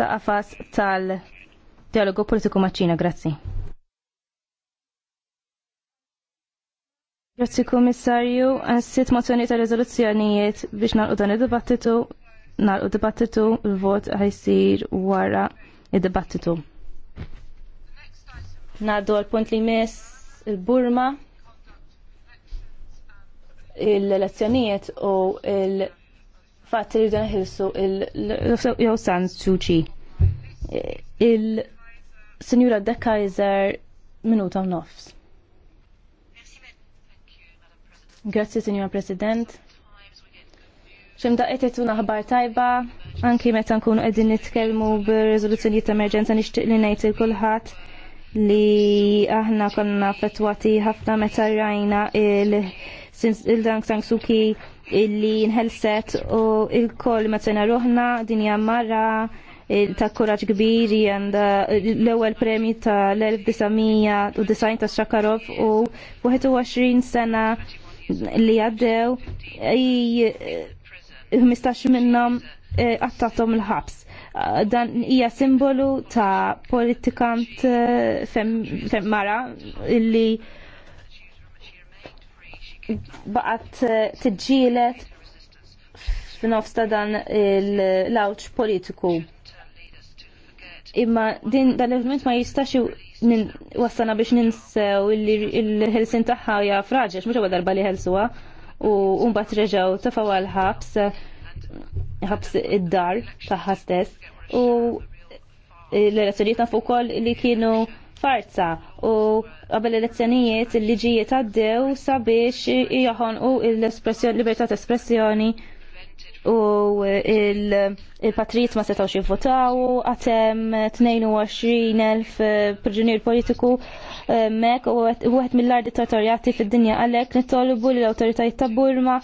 ta' qafas tal-dialogu politiku maċ-Ċina. Grazzi. Grazzi komissarju, għansit mozzjoni ta' rezoluzzjonijiet biex nalqu dan id-dibattitu, nalqu dibattitu, il-vot għajsir wara id-dibattitu. Naddu għal-punt li mis il-Burma, il-elezzjonijiet u il-, -burma, il fatt dan ħilsu il-jew San Suċi. Il-Sinjura De Kaiser minuta u nofs. Grazzi, Sinjura President. da' etetuna ħabar tajba, anki meta nkunu qegħdin nitkellmu b'riżoluzzjonijiet ta' emerġenza nixtieq li ngħid il kulħadd li aħna konna fetwati ħafna meta rajna il-Dank Sanksuki illi nħelset u il-koll mezzena ruħna dinja marra eh, ta' kuraġ kbir għanda l-ewwel premju ta' l-1990 ta' Shakarov u 21 sena li għaddew 15 eh, minnhom qattatom eh, l ħabs ah, Dan hija simbolu ta' politikant fem mara illi baqat eh, tiġġielet f'nofs ta' dan l-awċ politiku. Imma din dan il vment ma jistax wassana biex ninsew il-ħelsin tagħha hija fraġex, mhux darba li ħelsuwa u mbagħad reġgħu tafgħu għal ħabs ħabs id-dar tagħha stess u l-relazzjonijiet nafu wkoll li kienu farza u qabel elezzjonijiet il-liġijiet għaddew sabiex joħon u l-espressjoni libertà ta' espressjoni u il-patrijiet ma setawx jivvotaw għatem 22.000 eh, priġunier politiku eh, mek u għet mill-lar dittatorjati fid-dinja għalek nittolbu l-autoritajiet ta' Burma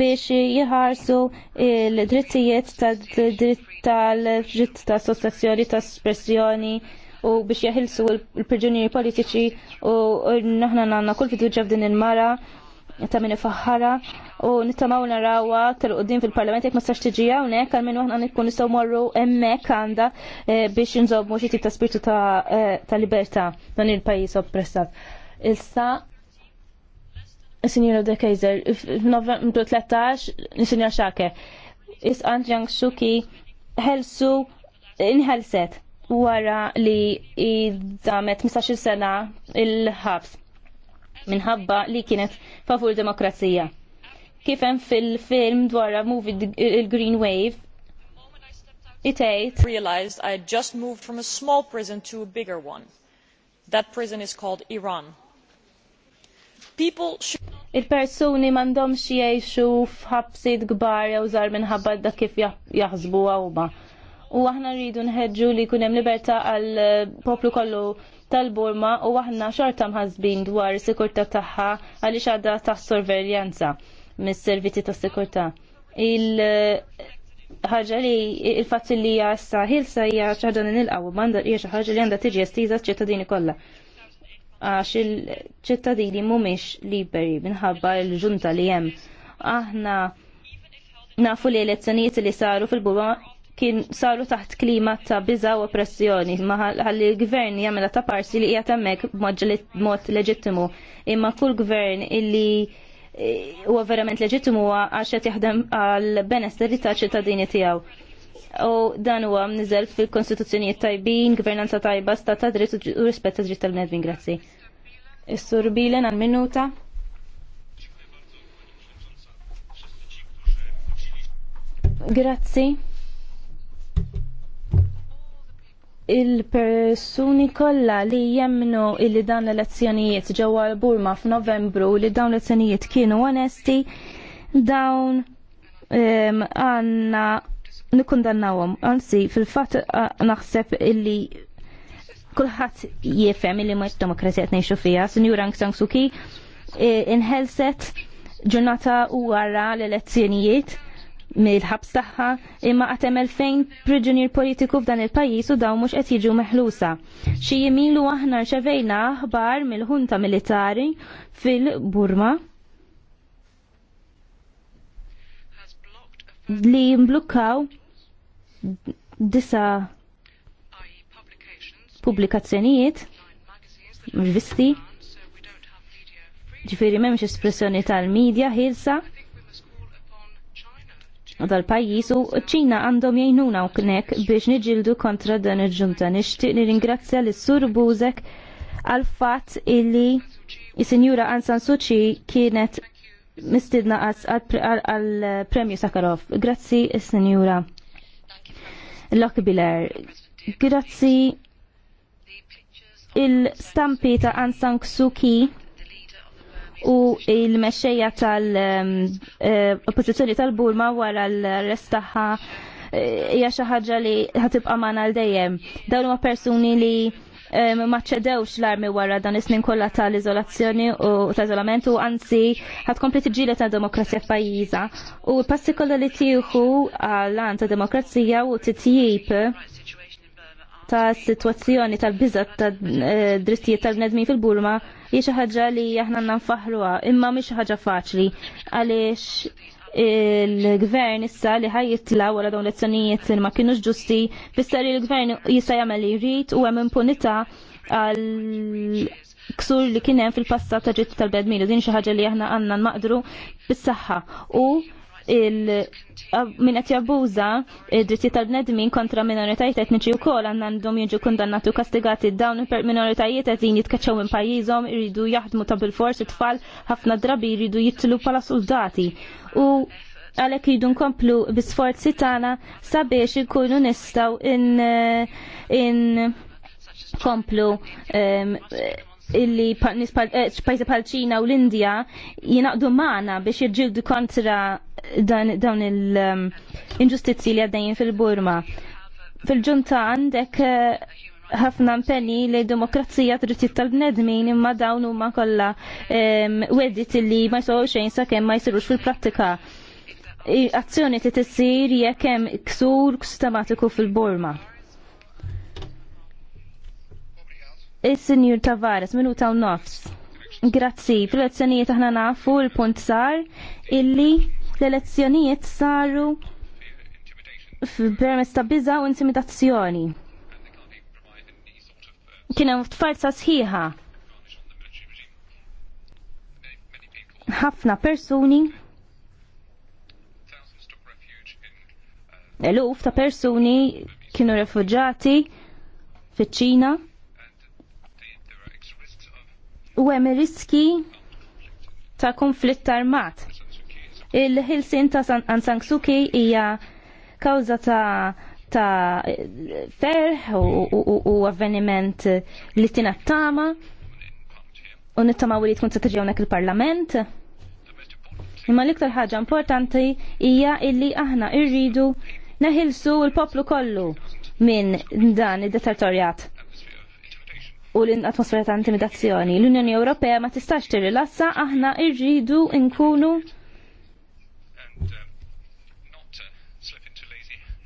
biex jħarsu il drittijiet tal-dritt tal-ġitt ta' sostazzjoni ta' espressjoni u biex jaħilsu l-priġunieri politiċi u naħna nanna kull fiduċa f'din il-mara ta' minn ifaħħara u nittamaw narawa tal-qoddim fil-parlament jek ma stax tiġi hawnhekk għal minn waħna nikun nistaw morru hemmhekk għandha eh, biex inżobmu xi ta' spiritu eh, ta' libertà dan il-pajjiż oppressat. Issa Signora De Kaiser, novembru 13, Signora Xake, is Aunt Yang helsu, ħelsu inħelset wara li id-damet 15 sena il-ħabs minħabba li kienet favur demokrazija. Kifem fil-film dwarra movie il-Green Wave, itejt. Realized I had just moved from a small prison to a bigger one. That prison is called Iran. People should il-persuni mandom gbar jew zar minħabba da kif għawma u aħna rridu nħedġu li kunem libertà għal eh, poplu kollu tal-Burma u aħna xorta mħazbin dwar sikurta tagħha għaliex xadda taħ sorverjanza mis-servizzi tas sikurta. Il eh, ħaġa li il-fatt li hija hilsa ħilsa hija xi ħaġa qaw banda hija xi ħaġa li għandha tiġi estiża ċ-ċittadini kollha. Għax il-ċittadini mhumiex liberi minħabba l-ġunta li hemm. Aħna nafu li elezzjonijiet li saru fil-Burma kien saru taħt klima ta' biża u oppressjoni ma ħalli l-gvern jamela ta' parsi li jgħat hemmhekk mod leġittimu. Imma kull gvern illi e, huwa verament leġittimu għax qed jaħdem għal benesteri ta' ċittadini tiegħu. U dan huwa niżel fil-Kostituzzjonijiet tajbin, gvernanza tajba, stat ta' dritt u rispett ta' dritt tal nedvin grazzi. Is-sur Bilen għal minuta. Grazzi. il-persuni kollha li jemnu illi dan l-elezzjonijiet ġewwa Burma f'Novembru li dawn l-elezzjonijiet kienu onesti dawn għanna nikundannawhom. Anzi, fil-fatt naħseb illi kulħadd jifhem illi ma demokrazija qed ngħixu fiha, Sinjura Aung San Suu Kyi inħelset ġurnata u wara l-elezzjonijiet mill-ħabs tagħha imma qatt hemm elfejn priġunier politiku f'dan il-pajjiż u dawn mhux qed jiġu meħlusa. Xi jimilu aħna rċevejna aħbar mill-ħunta militari fil-Burma li mblukkaw disa pubblikazzjonijiet, rivisti, ġifiri memx espressjoni tal-medja ħilsa dal-pajjiż u ċina għandhom jgħinuna u knek biex niġildu kontra dan il-ġunta. Nixtieq nirringrazzja l sur Buzek għal fatt illi il sinjura Ansan Suċi kienet mistidna għal premju Sakarov. Grazzi is-Sinjura Lockbiller. Grazzi il-stampi ta' Ansan Suki u il-mexxejja tal-oppożizzjoni eh, tal-Burma wara l-arrest tagħha eh, hija xi ħaġa li ħatibqa' magħna għal dejjem. Dawn huma persuni li ma ċedewx l-armi wara dan is-snin kollha tal-iżolazzjoni u tal-iżolament u anzi ħatkompli tiġġieled ta' demokrazija f'pajjiża. U passi kollha li tieħu għal an ta' demokrazija u titjib ta' situazzjoni tal-biżat ta' eh, drittijiet tal-bnedmin fil-Burma hija xi ħaġa li aħna nanfaħruha, imma mhix xi ħaġa faċli għaliex il-gvern issa li ħaj wara dawn l li ma kienux ġusti, bissa li l-gvern jista' jagħmel li jrid u hemm impunità għal ksur li kien hemm fil-passat ta' ġitt tal-bedmin din xi ħaġa li aħna għandna nmaqdru bis-saħħa u min qed jabbuża d-dritti tal-bnedmin kontra minoritajiet etniċi wkoll għandna għandhom jiġu kundannati u kastigati dawn il-minoritajiet qegħdin jitkaċċew minn pajjiżhom iridu jaħdmu ta' bil-fors it-tfal ħafna drabi jridu jitlu bħala soldati. U għalek jridu nkomplu bisforzi tagħna sabiex ikunu nistgħu in, in komplu um, illi eh, pajzi bħal ċina u l-Indja jinaqdu maħna biex jirġildu kontra dawn il-inġustizzi um, li għaddejjin fil-Burma. Fil-ġunta għandek eh, ħafna mpenni li demokrazija trittit tal-bnedmin imma dawn huma kollha wedit li ma jsogħu xejn sakemm ma jsirux fil-prattika. Azzjoni li tissir jekk hemm ksur sistematiku fil-Burma. Is-Sinjur Tavares, minuta u nofs. Grazzi, fil elezzjonijiet aħna nafu l-punt sar illi l-elezzjonijiet saru f'permezz ta' biża u intimidazzjoni. Kien hemm tfarsa sħiħa. Ħafna persuni eluf ta' persuni kienu refugġati fiċ-Ċina u hemm riski ta' konflitt armat. Il-ħilsin ta' San Sangsuki hija kawża ta' ta' ferħ u avveniment li tina tama u nittama li tkun tiġi il-parlament. Imma l-iktar ħaġa importanti hija illi aħna irridu neħilsu l-poplu kollu minn dan id-detertorjat u l-atmosfera ta' intimidazzjoni. L-Unjoni Ewropea ma tistax tirrilassa aħna irridu nkunu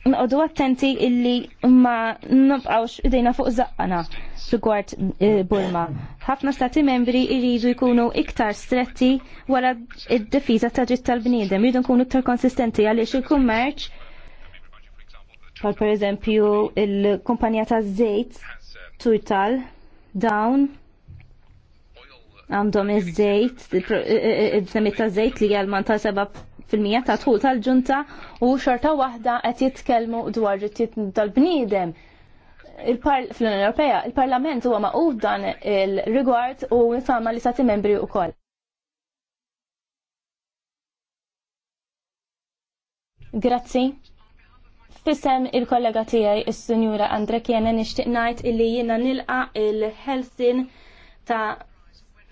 Nqodu attenti illi ma nabqawx idejna fuq zaqqana rigward eh, Burma. Ħafna stati membri jridu jkunu iktar stretti wara id-difiża ta' dritt tal-bniedem, jridu nkunu iktar konsistenti għaliex il-kummerċ bħal per eżempju il-kumpanija ta' żejt Turtal dawn għandhom iż-żejt, id-żemmi ta' żejt li għalman ta' seba fil-mija ta' tħul tal-ġunta u xorta waħda qed jitkellmu dwar ġittiet tal-bniedem. Fl-Unjoni Ewropea, il-Parlament huwa maqud dan il-rigward u nifama li sati membri wkoll. Grazzi. Fissem il-kollega tiegħi il-senjura Andrek jena nixtieq ngħid illi jiena nilqa il-Helsin ta'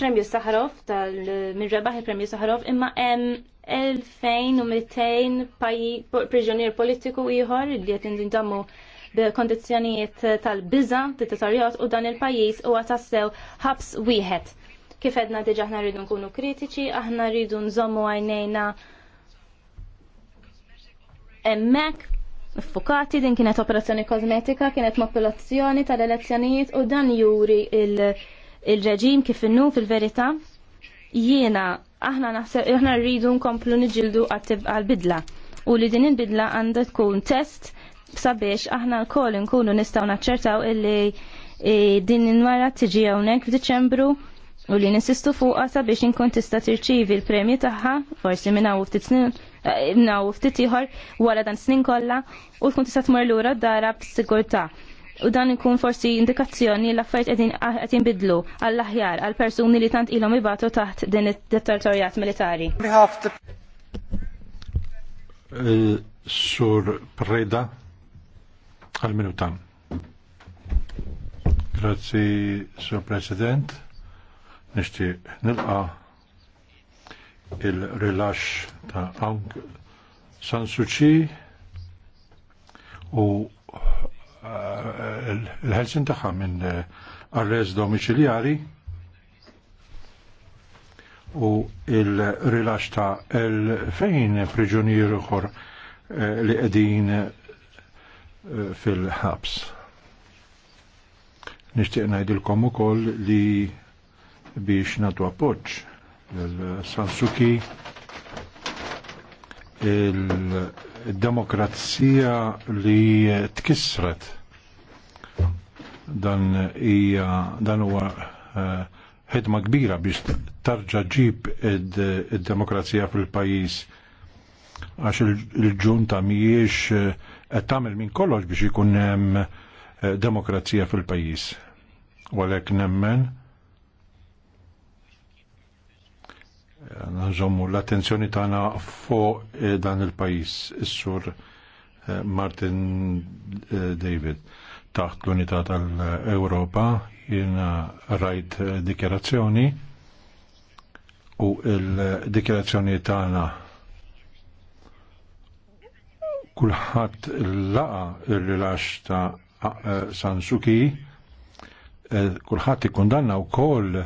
Premju Saharov tal-mirrebaħ il-Premju Saharov imma hemm 2200 priġunier politiku ieħor li qed jindammu b'kondizzjonijiet tal biza tit u dan il-pajjiż huwa tassew ħabs wieħed. Kif edna diġa aħna rridu nkunu kritiċi, aħna rridu nżommu għajnejna emmek Fukati din kienet operazzjoni kozmetika, kienet manipolazzjoni tal-elezzjonijiet u dan juri il-reġim il kif innu fil-verità jiena aħna naħseb aħna rridu nkomplu niġildu għal-bidla u li din il-bidla għandha tkun test sabiex aħna l-koll nkunu nistgħu naċċertaw illi eh, din nwara tiġi hawnhekk f'Diċembru u li nisistu fuqa sabiex inkun tista' tirċivi l-premju tagħha forsi minn hawn ftit snin eh, u ftit ieħor wara dan snin kollha u tkun tista' tmur lura d-dara b'sigurtà. U dan ikun forsi indikazzjoni l-affarijiet ah, qed jinbidlu għall-aħjar għall persuni li tant ilhom ibatu taħt din it-territorjat militari. Eh, Sur Preda għal-minutan. Grazzi, Sur President. Nishti nilqa il-rilax ta' Aung San Suu Kyi u eh, il ħelsin taħħa minn eh, arrest domiciliari u il-rilax ta' l-fejn priġunier uħor eh, li qegħdin fil-ħabs. Nixtieq ngħidilkom ukoll li biex natu appoċ l-Sansuki il-demokrazija li tkissret dan hija dan huwa eh, ħedma kbira biex tarġa ġib id-demokrazija fil-pajis għax il-ġunta miex eh, qed tagħmel minn kollox biex ikun hemm eh, demokrazija fil-pajis. Walek nemmen nżommu l-attenzjoni tagħna fuq eh, dan il-pajjiż, is-sur eh, Martin eh, David taħt l-Unità tal-Ewropa jiena rajt dikjerazzjoni u l-dikjerazzjoni tagħna kulħadd laqa r rilax ta' Sansuki, kulħadd ikkundanna wkoll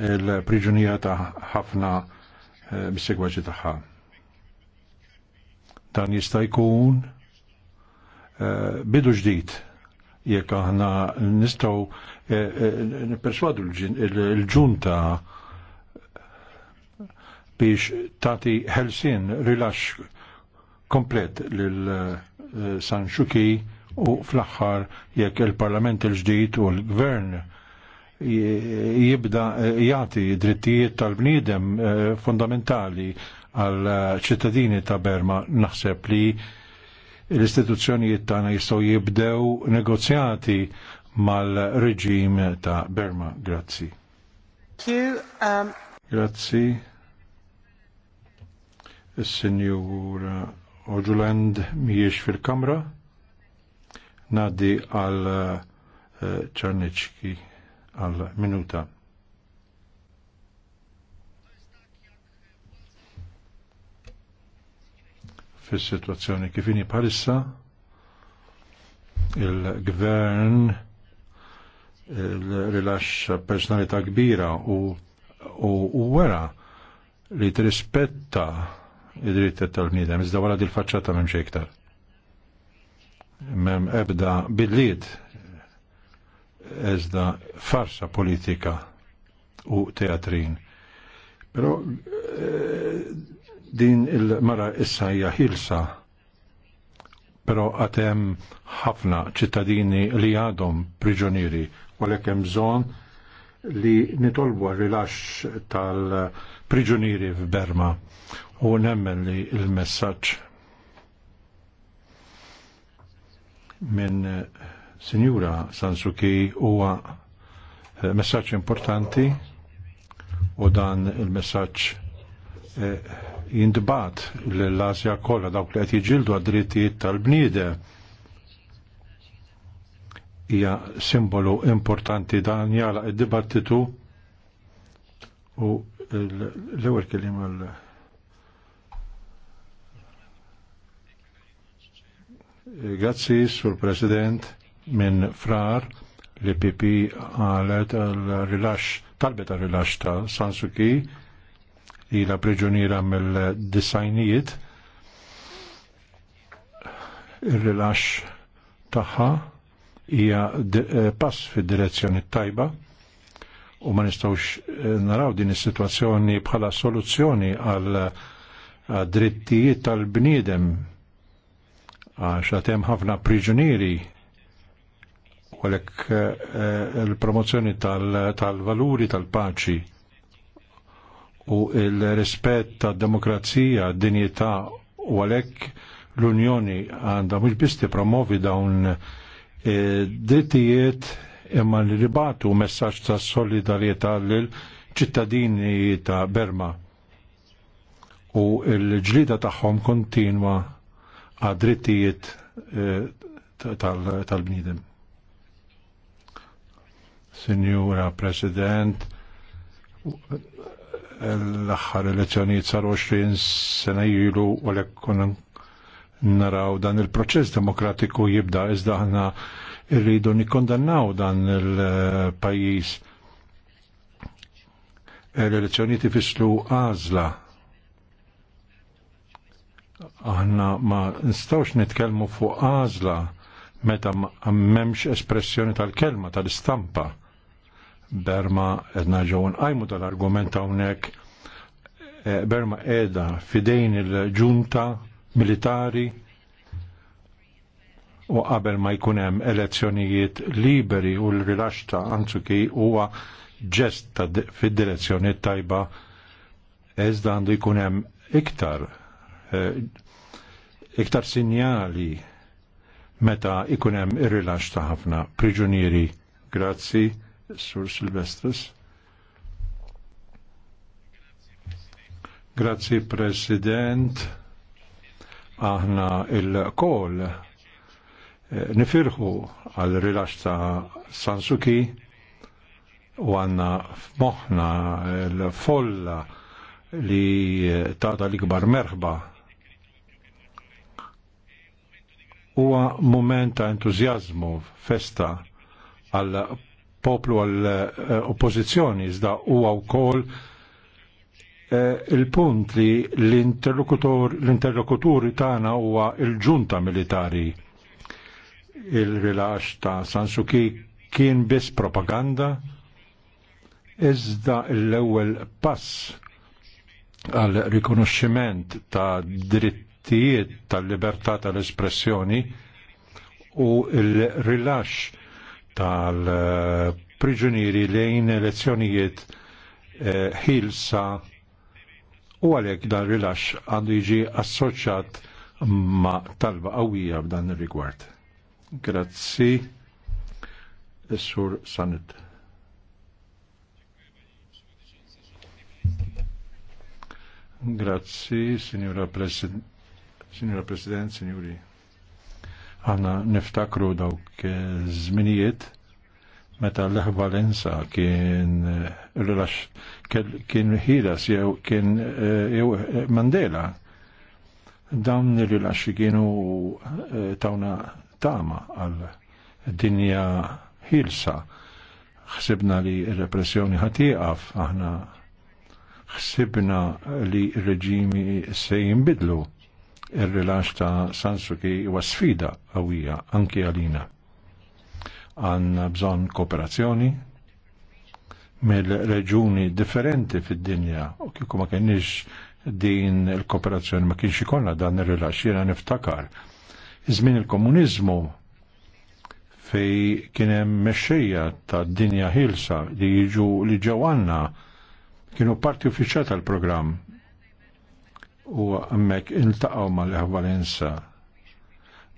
il-priġunija ta' ħafna bis-segwaġi eh, tagħha. Dan jista' jkun eh, bidu ġdid jekk aħna nistgħu eh, nipperswadu l-ġunta biex tagħti ħelsin rilax komplet lil San Xuki u fl-aħħar jekk il-Parlament il-ġdid u l-Gvern jibda jagħti drittijiet tal-bniedem eh, fundamentali għal ċittadini ta' Berma naħseb li l-istituzzjonijiet tagħna jistgħu jibdew negozjati mal-reġim ta' Berma. Grazzi. Um, Grazzi. Is-Sinjura Oġuland mhijiex fil-Kamra. Nadi għal ċarneċki. Eh, għal minuta. Fis-sitwazzjoni kif parissa, il-gvern il-rilax personalità kbira u u wera li trispetta id dritta tal-bniedem, iżda wara dil-faċċata memx iktar. Mem ebda billiet ezda farsa politika u teatrin. Pero eh, din il-mara issa hija ħilsa, pero għatem ħafna ċittadini li għadhom priġonieri, u hemm bżonn li nitolbu rilax tal-priġunieri f'Berma u nemmen li il-messaġġ minn Signora Sansuki huwa eh, messaġġ importanti u dan il-messaġġ eh, jindbat l-Asja kollha dawk li qed jiġildu għad-drittijiet tal-bniede hija simbolu importanti dan jala id-dibattitu u l-ewwel kelim għal Grazzi, Sur President minn frar li PP għalet għal-rilax, talbet għal-rilax ta' Sansuki li la preġuniera mill-disajnijiet il-rilax taħħa hija eh, pass fid direzzjoni tajba u ma nistawx eh, naraw din is-sitwazzjoni bħala soluzzjoni għal eh, drittijiet tal-bniedem għax hemm ħafna priġunieri għalek eh, eh, il-promozzjoni tal-valuri tal-paċi u il-rispett tad-demokrazija, dinjità u għalhekk l-Unjoni għandha mhux biss tippromovi dawn eh, drittijiet imma li ribatu messaġġ ta' solidarjetà lil ċittadini ta' Berma u l-ġlida tagħhom kontinwa għad drittijiet tal-bniedem. Sinjura President, l-axħar elezzjonijiet sar 20 sena jilu u l-ekkun naraw dan il-proċess demokratiku jibda iżda ħna irridu nikondannaw dan il-pajis. L-elezzjonijiet ifislu għażla. Aħna ma nistawx nitkellmu fuq għażla meta m'hemmx espressjoni tal-kelma tal-istampa. tal kelma tal istampa Berma edna ġon għajmu tal argumenta hawnhekk e, Berma edha fidejn il-ġunta militari u qabel ma jkun hemm elezzjonijiet liberi u l rilaxta Anzuki huwa ġest fid-direzzjoni tajba iżda għandu jkun hemm iktar e, iktar sinjali meta ikun hemm ir-rilax ta' ħafna priġunieri. Grazzi. Sur Silvestris. Grazie President, aħna il-kol eh, nifirħu għal rilax ta' Sansuki u għanna f'moħna l-folla li eh, ta' l-ikbar merħba huwa moment ta' entuzjazmu festa għal poplu għall-oppożizzjoni eh, iżda huwa wkoll eh, il-punt li l-interlokuturi tagħna huwa il-ġunta militari. Il-rilax ta' Sansuki kien biss propaganda, iżda l-ewwel pass għal rikonoxximent ta' drittijiet tal-libertà tal-espressjoni u l-rilax tal-priġunieri lejn elezzjonijiet eh, ħilsa u għalek dan rilax għandu jiġi assoċjat ma talba għawija b'dan il rigward Grazzi, Sur Sanet. Grazzi, Signora President, Signora President, Signori. Aħna niftakru dawk zminijiet meta Lech Valenza kien rilax kien ħilas jew kien eh, jew Mandela dawn il-rilaxxi kienu eh, tawna tama għal dinja ħilsa ħsibna li repressjoni ħatiqaf aħna ħsibna li reġimi se jinbidlu il-rilax ta' Sansuki huwa sfida qawwija anki għalina. Għanna bżonn kooperazzjoni mill-reġuni differenti fid-dinja u kieku ma kienix din il-kooperazzjoni ma kienx ikollna dan ir-rilax jiena niftakar. Iżmin il-komuniżmu fej kien hemm mexxejja ta' dinja ħilsa li jiġu li ġewanna kienu parti uffiċjali tal-programm u il-taqaw ma mal-Valenza.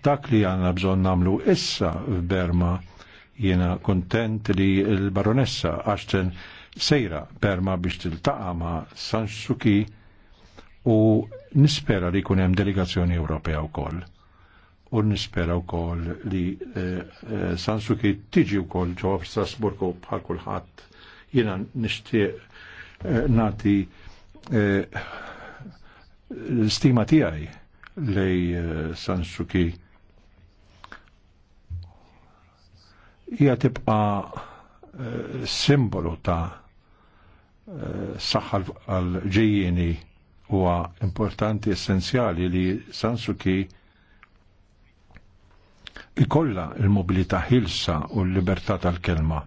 Dak li għanna bżon namlu issa f'Berma jiena kontent li l-baronessa għaxten sejra Berma biex tiltaqa ma' San u nispera li kunem delegazzjoni Ewropea u koll. U nispera u koll li eh, eh tiġi u koll ġo Strasburgu bħal kulħadd jiena nishtiq eh, nati eh, l stima tiegħi lej eh, Sansuki hija tibqa' eh, simbolu ta' eh, saħħa għal-ġejjieni huwa importanti essenzjali li Sansuki ikolla il-mobilità ħilsa u l-libertà tal-kelma.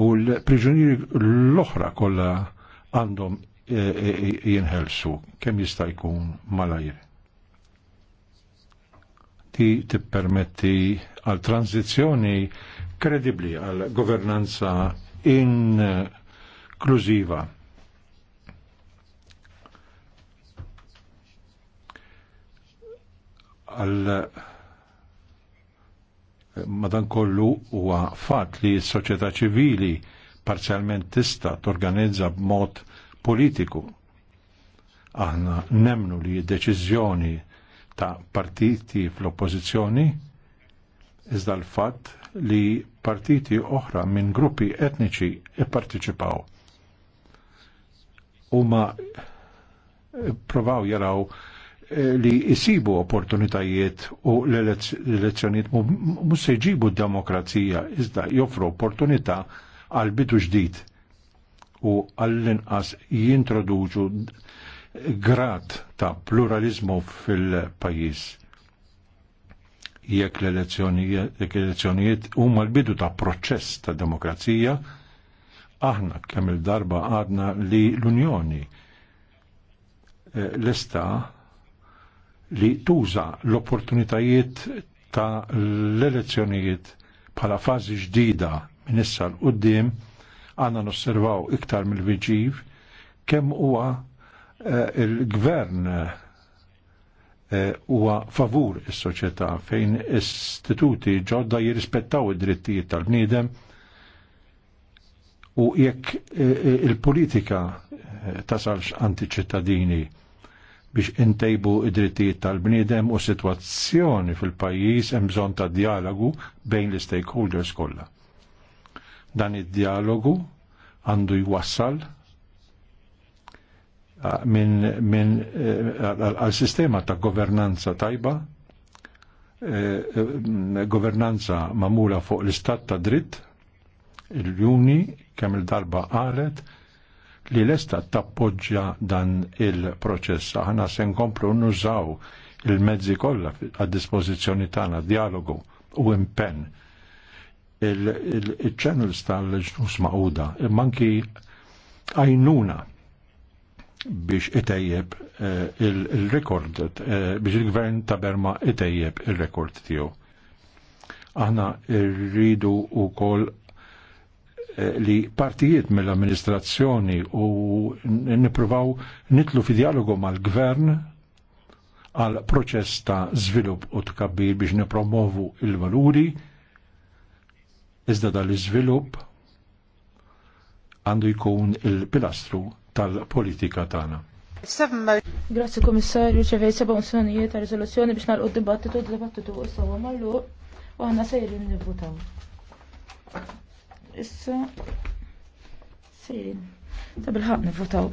U l-priġunieri l-oħra kollha għandhom E, e, e, jinħelsu kemm jista' jkun malajr. Ti tippermetti għal tranzizzjoni kredibbli għal governanza inklużiva. Għal madankollu huwa fatt li s-soċjetà ċivili parzjalment tista' torganizza b'mod politiku. Aħna nemnu li deċiżjoni ta' partiti fl-oppożizzjoni iżda l-fatt li partiti oħra minn gruppi etniċi ipparteċipaw. Huma eh, provaw jaraw eh, li jisibu opportunitajiet u l-elezzjoniet mus se jġibu d-demokrazija iżda joffru opportunità għal bidu ġdid u għall-inqas jintroduġu grad ta' pluralizmu fil-pajis. Jekk l-elezzjonijiet huma l-bidu ta' proċess ta' demokrazija, aħna kemm il-darba għadna li l-Unjoni eh, l-esta li tuża l-opportunitajiet ta' l-elezzjonijiet bħala fażi ġdida minn issa l-qoddim għanna nosservaw iktar mill-viġiv kemm huwa eh, il-gvern eh, huwa favur is-soċjetà fejn istituti ġodda jirrispettaw id-drittijiet tal-bniedem u jekk eh, il-politika tasalx antiċittadini biex intejbu id-drittijiet tal-bniedem u situazzjoni fil-pajjiż hemm bżonn ta' dialogu bejn l-stakeholders kollha. Dan id-dialogu għandu jwassal minn għal-sistema ta' governanza tajba, e, e, governanza mamula fuq l-istat ta' dritt, il-juni kemm il-darba qalet li l-estat tappoġġja dan il-proċess. Aħna se nkomplu nużaw il-mezzi kollha għad dispożizzjoni tagħna dialogu u impenn il-channels tal-ġnus maquda, manki għajnuna biex itajjeb eh, il-rekord, eh, biex il-gvern ta' Berma itejjeb il-rekord tiegħu. Aħna rridu u kol eh, li partijiet mill-amministrazzjoni u nipruvaw nitlu fi dialogu mal-gvern għal proċess ta' zvilup u tkabbir biex nipromovu il-valuri, il valuri Iżda dal-iżvilupp għandu jkun il-pilastru tal-politika tagħna. Grazie komissarju, ċevej seba' mozzjonijiet ta' riżoluzzjoni biex nagħlqu d-dibattitu, d-dibattitu sawa mallu u aħna sejrin nivvutaw. Issa sejrin. Ta' bilħat ħaq nivvutaw.